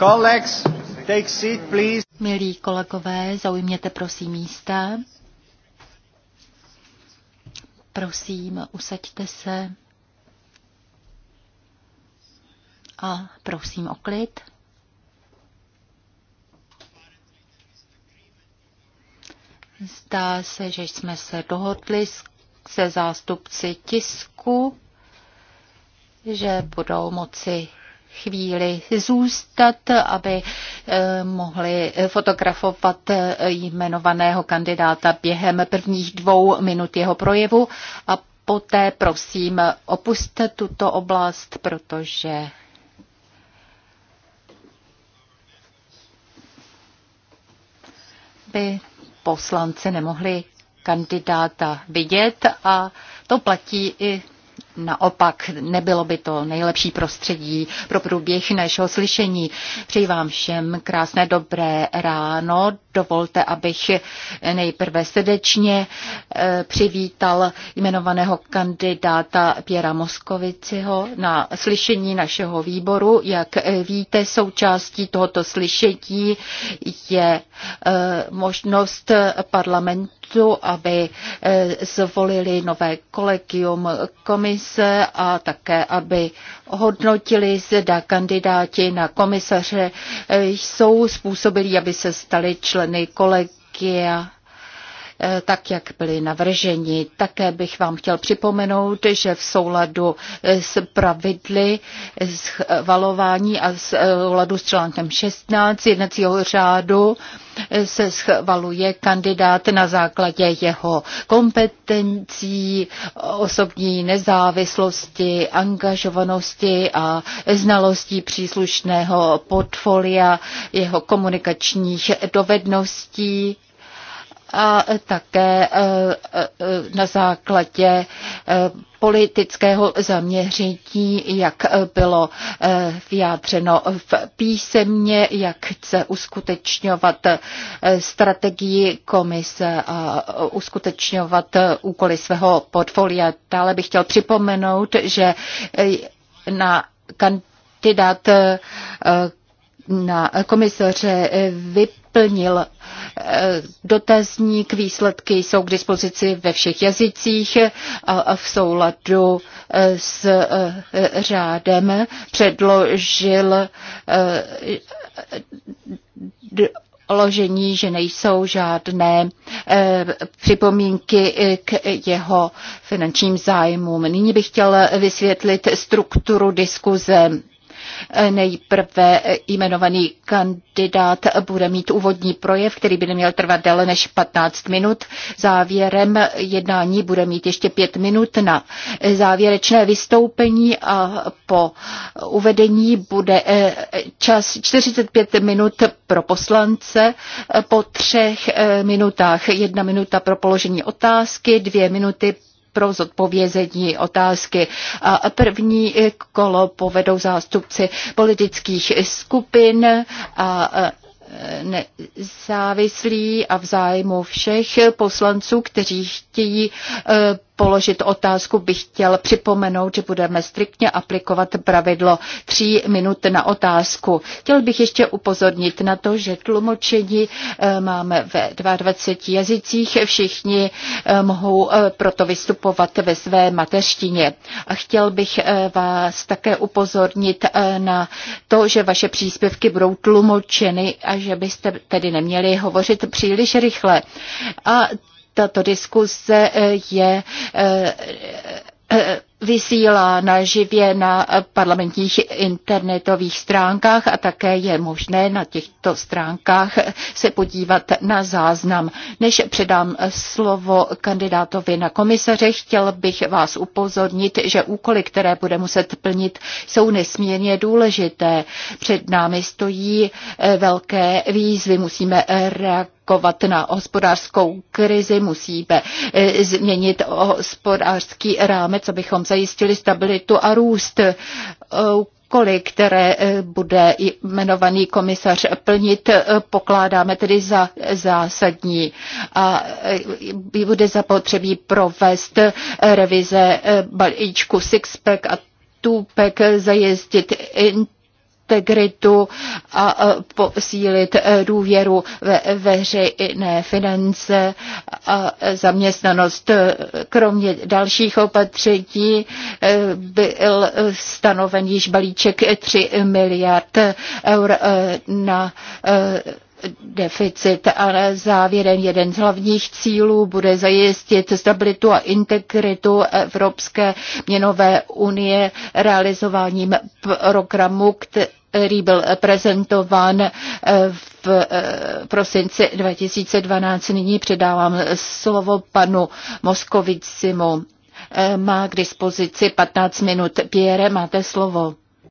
Colleagues, take seat, please. Milí kolegové, zaujměte prosím místa. Prosím, usaďte se. A prosím o klid. Zdá se, že jsme se dohodli se zástupci tisku, že budou moci chvíli zůstat, aby eh, mohli fotografovat eh, jmenovaného kandidáta během prvních dvou minut jeho projevu a poté prosím opuste tuto oblast, protože by poslanci nemohli kandidáta vidět a to platí i Naopak nebylo by to nejlepší prostředí pro průběh našeho slyšení. Přeji vám všem krásné dobré ráno. Dovolte, abych nejprve srdečně eh, přivítal jmenovaného kandidáta Pěra Moskoviciho na slyšení našeho výboru. Jak eh, víte, součástí tohoto slyšení je eh, možnost parlamentu, aby zvolili nové kolegium komise a také, aby hodnotili, zda kandidáti na komisaře jsou způsobili, aby se stali členy členy kolegia Eh, tak, jak byly navrženi. Také bych vám chtěl připomenout, že v souladu eh, s pravidly schvalování a eh, v souladu s článkem 16 jednacího řádu se schvaluje kandidát na základě jeho kompetencí, osobní nezávislosti, angažovanosti a znalostí příslušného portfolia, jeho komunikačních dovedností a také e, e, na základě e, politického zaměření, jak bylo vyjádřeno v písemně, jak chce uskutečňovat strategii komise a uskutečňovat úkoly svého portfolia. Dále bych chtěl připomenout, že na kandidát na komisaře eh, vyplnil eh, dotazník, výsledky jsou k dispozici ve všech jazycích eh, a v souladu s řádem předložil ložení, že nejsou žádné připomínky k jeho finančním zájmům. Nyní bych chtěla vysvětlit strukturu diskuze. Nejprve jmenovaný kandidát bude mít úvodní projev, který by neměl trvat déle než 15 minut. Závěrem jednání bude mít ještě 5 minut na závěrečné vystoupení a po uvedení bude eh, čas 45 minut pro poslance, po třech eh, minutách jedna minuta pro položení otázky, dvě minuty pro zodpovězení otázky. A první kolo povedou zástupci politických skupin a nezávislí a v zájmu všech poslanců, kteří chtějí eh, položit otázku, bych chtěl připomenout, že budeme striktně aplikovat pravidlo tří minut na otázku. Chtěl bych ještě upozornit na to, že tlumočení eh, máme ve 22 jazycích. Všichni eh, mohou eh, proto vystupovat ve své mateřštině. A chtěl bych vás také upozornit na to, že vaše příspěvky budou tlumočeny a že byste tedy neměli hovořit příliš rychle. A tato diskuse eh, je eh, eh, vysílána živě na parlamentních internetových stránkách a také je možné na těchto stránkách se podívat na záznam. Než předám slovo kandidátovi na komisaře, chtěl bych vás upozornit, že úkoly, které bude muset plnit, jsou nesmírně důležité. Před námi stojí velké výzvy, musíme reagovat reagovat na hospodářskou krizi, musíme eh, změnit hospodářský rámec, abychom zajistili stabilitu a růst úkoly, které eh, bude jmenovaný komisař plnit, eh, pokládáme tedy za zásadní a bude zapotřebí provést revize balíčku Sixpack a Tupek zajistit integritu a posílit e, důvěru ve veřejné finance a zaměstnanost. E, kromě dalších opatření e, byl stanoven již balíček 3 miliard eur na deficit, ale závěrem jeden z hlavních cílů bude zajistit stabilitu a integritu Evropské měnové unie realizováním programu, který který byl prezentován eh, v eh, prosinci 2012. Nyní předávám slovo panu Moskovicimu. Eh, má k dispozici 15 minut. Pierre, máte slovo.